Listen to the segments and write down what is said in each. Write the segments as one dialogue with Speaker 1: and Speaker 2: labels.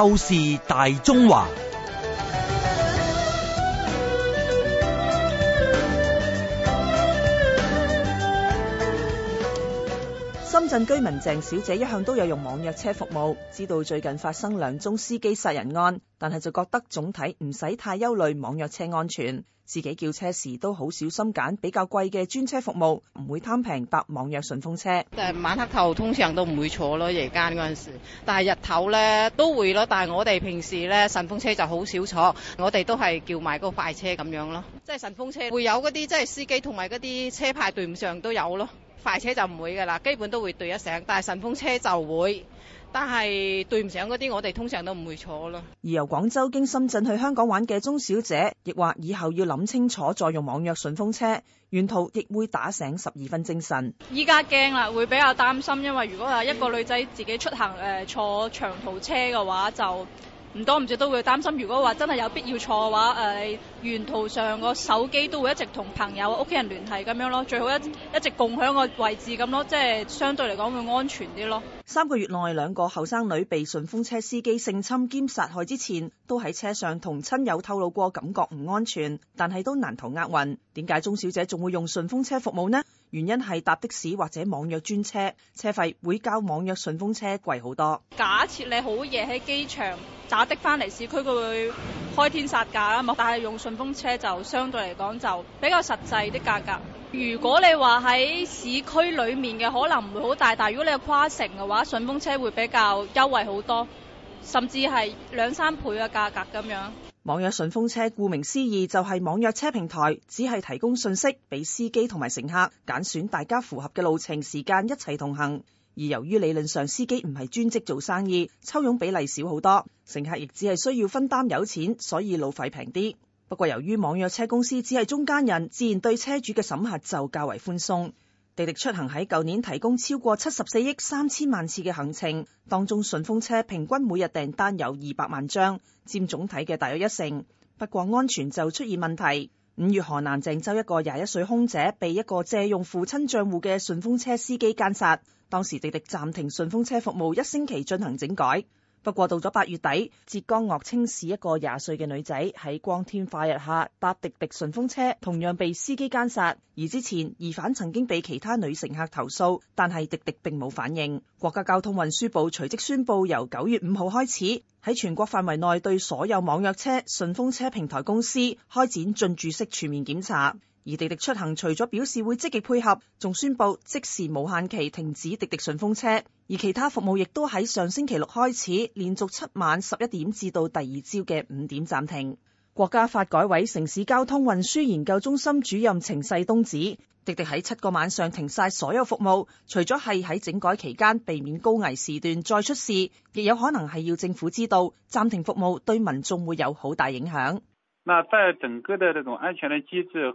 Speaker 1: 透視大中華。鎮居民鄭小姐一向都有用網約車服務，知道最近發生兩宗司機殺人案，但係就覺得總體唔使太憂慮網約車安全。自己叫車時都好小心揀比較貴嘅專車服務，唔會貪平搭網約順風車。誒，晚
Speaker 2: 黑頭通常都唔會坐咯，夜間嗰陣時，但係日頭咧都會咯。但係我哋平時咧順風車就好少坐，我哋都係叫埋個快車咁樣咯。即係順風車會有嗰啲，即係司機同埋啲車牌對唔上都有咯。快車就唔會㗎喇，基本都會對得上。但係順風車就會，但係對唔上嗰啲，我哋通常都唔會坐咯。
Speaker 1: 而由廣州經深圳去香港玩嘅鍾小姐，亦話以後要諗清楚再用網約順風車，沿途亦會打醒十二分精神。
Speaker 3: 依家驚啦，會比較擔心，因為如果話一個女仔自己出行、呃、坐長途車嘅話就。唔多唔少都會擔心，如果話真係有必要坐嘅話，誒、呃，沿途上個手機都會一直同朋友、屋企人聯繫咁樣咯，最好一一直共享個位置咁咯，即係相對嚟
Speaker 1: 講會安全啲咯。三個月內，兩個後生女被順風車司機性侵兼殺害之前，都喺車上同親友透露過感覺唔安全，但係都難逃厄運。點解鍾小姐仲會用順風車服務呢？原因係搭的士或者網約專車，車費會較網約順風車貴好多。
Speaker 3: 假設你好夜喺機場打的翻嚟市區，佢會開天殺價㗎嘛。但係用順風車就相對嚟講就比較實際的價格。如果你話喺市區裏面嘅可能唔會好大，但如果你係跨城嘅話，順風車會比較優惠好多，甚至係兩三倍嘅價格咁樣。
Speaker 1: 網約順風車顧名思義就係網約車平台，只係提供信息俾司機同埋乘客，揀選大家符合嘅路程時間一齊同行。而由於理論上司機唔係專職做生意，抽佣比例少好多，乘客亦只係需要分擔有錢，所以路費平啲。不過由於網約車公司只係中間人，自然對車主嘅審核就較為寬鬆。滴滴出行喺舊年提供超過七十四億三千萬次嘅行程，當中順風車平均每日訂單有二百萬張，佔總體嘅大約一成。不過安全就出現問題。五月河南鄭州一個廿一歲空姐被一個借用父親賬戶嘅順風車司機姦殺，當時滴滴暫停順風車服務一星期進行整改。不過到咗八月底，浙江樂清市一個廿歲嘅女仔喺光天化日下搭滴滴順風車，同樣被司機奸殺。而之前疑犯曾經被其他女乘客投訴，但係滴滴並冇反應。國家交通運輸部隨即宣布，由九月五號開始，喺全國範圍內對所有網約車、順風車平台公司開展進駐式全面檢查。而滴滴出行除咗表示會積極配合，仲宣布即時無限期停止滴滴順風車，而其他服務亦都喺上星期六開始，連續七晚十一點至到第二朝嘅五點暫停。國家發改委城市交通運輸研究中心主任程世東指，滴滴喺七個晚上停晒所有服務，除咗係喺整改期間避免高危時段再出事，亦有可能係要政府知道暫停服務對民眾會有好大影響。
Speaker 4: 那在整個的這種安全的機制，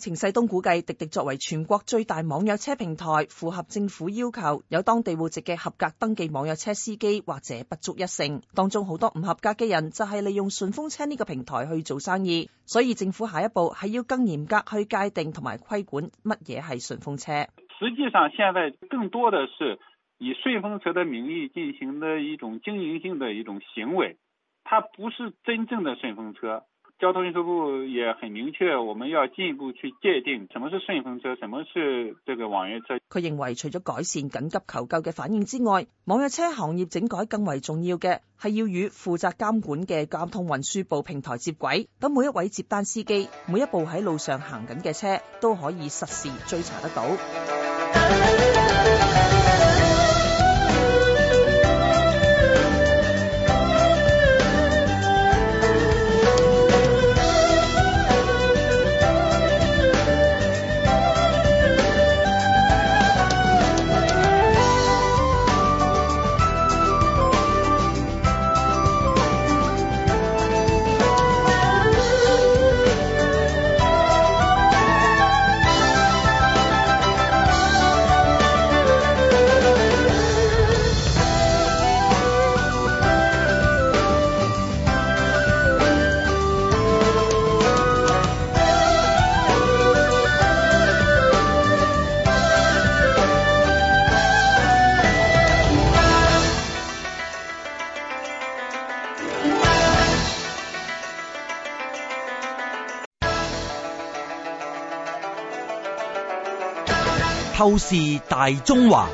Speaker 1: 程世東估計，滴滴作為全國最大網約車平台，符合政府要求有當地戶籍嘅合格登記網約車司機，或者不足一成。當中好多唔合格嘅人就係利用順風車呢個平台去做生意，所以政府下一步係要更嚴格去界定同埋規管乜嘢係順風車。
Speaker 4: 實際上，現在更多的是以順風車的名義進行的一種經營性的一種行為，它不是真正的順風車。交通運輸部也很明確，我們要進一步去界定，什麼是順風車，什麼是這個網約車。
Speaker 1: 佢認為，除咗改善緊急求救嘅反應之外，網約車行業整改更為重要嘅係要與負責監管嘅交通運輸部平台接軌。等每一位接單司機，每一部喺路上行緊嘅車，都可以實時追查得到。透視大中華。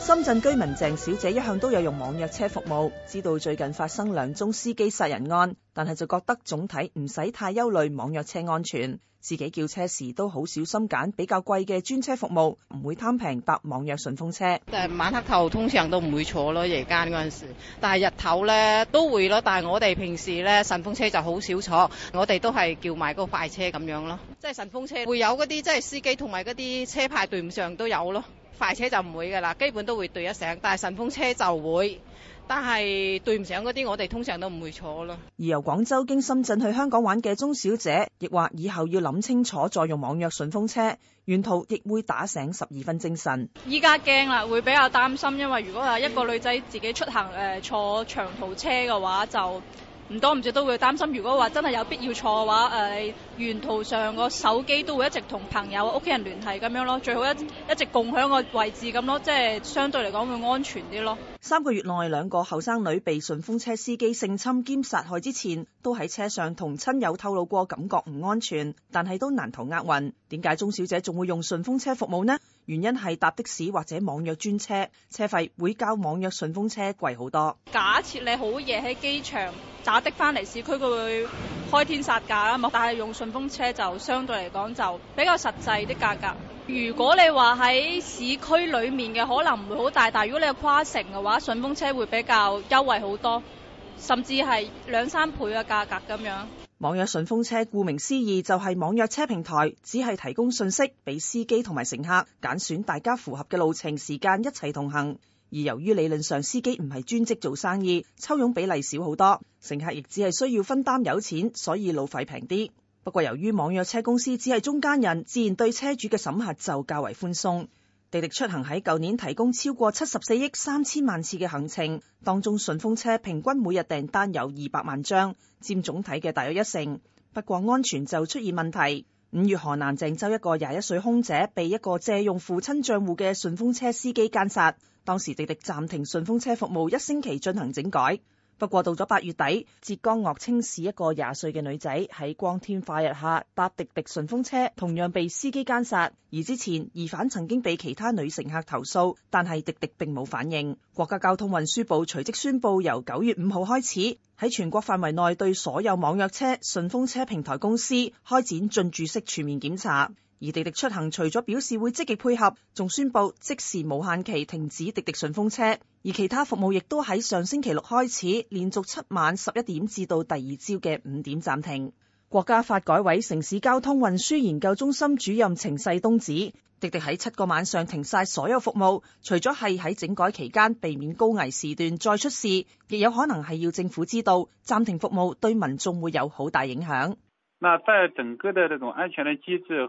Speaker 1: 深圳居民鄭小姐一向都有用網約車服務，知道最近發生兩宗司機殺人案，但係就覺得總體唔使太憂慮網約車安全。自己叫車時都好小心揀比較貴嘅專車服務，唔會貪平搭網約順風車。晚黑頭通常都
Speaker 2: 唔會坐咯，夜間陣時，但係日頭呢都會咯。但係我哋平時呢順風車就好少坐，我哋都係叫埋個快車咁樣咯。即係順風車會有嗰啲，即係司機同埋嗰啲車牌對唔上都有咯，快車就唔會噶啦，基本都會對得上，但係順風車就會。但係對唔上嗰啲，我哋通常都唔會坐咯。
Speaker 1: 而由廣州經深圳去香港玩嘅鍾小姐，亦話以後要諗清楚再用網約順風車，沿途亦會打醒十二分精神。
Speaker 3: 依家驚啦，會比較擔心，因為如果話一個女仔自己出行，呃、坐長途車嘅話，就唔多唔少都會擔心。如果話真係有必要坐嘅話，誒、呃、沿途上個手機都會一直同朋友、屋企人聯繫咁樣咯，最好一一直共享個位置咁咯，即係相對嚟講會安全啲
Speaker 1: 咯。三個月內，兩個後生女被順風車司機性侵兼殺害之前，都喺車上同親友透露過感覺唔安全，但係都難逃厄運。點解鍾小姐仲會用順風車服務呢？原因係搭的士或者網約專車，車費會較網約順風車貴好多。
Speaker 3: 假設你好夜喺機場打的翻嚟市區，佢會，開天殺價啦，但係用順風車就相對嚟講就比較實際嘅價格。如果你話喺市區裏面嘅可能唔會好大，但係如果你係跨城嘅話，順風車會比較優惠好多，甚至係兩三倍嘅價格咁樣。
Speaker 1: 網約順風車顧名思義就係網約車平台，只係提供信息俾司機同埋乘客揀選，大家符合嘅路程時間一齊同行。而由於理論上司機唔係專職做生意，抽佣比例少好多，乘客亦只係需要分擔油錢，所以路費平啲。不過由於網約車公司只係中間人，自然對車主嘅審核就較為寬鬆。滴滴出行喺舊年提供超過七十四億三千萬次嘅行程，當中順風車平均每日訂單有二百萬張，佔總體嘅大約一成。不過安全就出現問題。五月河南鄭州一個廿一歲空姐被一個借用父親賬戶嘅順風車司機姦殺。當時滴滴暫停順風車服務一星期進行整改，不過到咗八月底，浙江樂清市一個廿歲嘅女仔喺光天化日下搭滴滴順風車，同樣被司機奸殺。而之前疑犯曾經被其他女乘客投訴，但係滴滴並冇反應。國家交通運輸部隨即宣布，由九月五號開始喺全國範圍內對所有網約車、順風車平台公司開展進駐式全面檢查。而滴滴出行除咗表示會積極配合，仲宣布即時無限期停止滴滴順風車，而其他服務亦都喺上星期六開始連續七晚十一點至到第二朝嘅五點暫停。國家發改委城市交通運輸研究中心主任程世東指，滴滴喺七個晚上停晒所有服務，除咗係喺整改期間避免高危時段再出事，亦有可能係要政府知道暫停服務對民眾會有好大影響。
Speaker 4: 那在整個的這種安全的機制，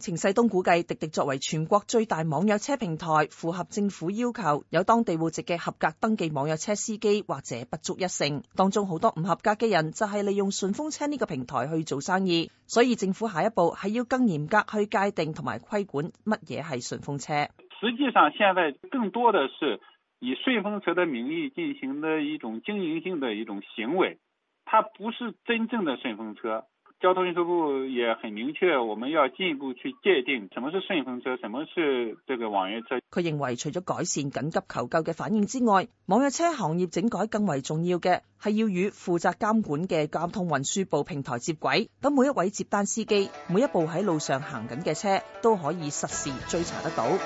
Speaker 1: 程世東估計，滴滴作為全國最大網約車平台，符合政府要求有當地戶籍嘅合格登記網約車司機或者不足一成，當中好多唔合格嘅人就係利用順風車呢個平台去做生意，所以政府下一步係要更嚴格去界定同埋規管乜嘢係順風車。
Speaker 4: 實際上，現在更多的是以順風車的名義進行的一種經營性的一種行為，它不是真正的順風車。交通運輸部也很明確，我們要進一步去界定，什麼是順風車，什麼是這個網約車。
Speaker 1: 佢認為除咗改善緊急求救嘅反應之外，網約車行業整改更為重要嘅係要與負責監管嘅交通運輸部平台接軌。等每一位接單司機，每一部喺路上行緊嘅車，都可以實時追查得到。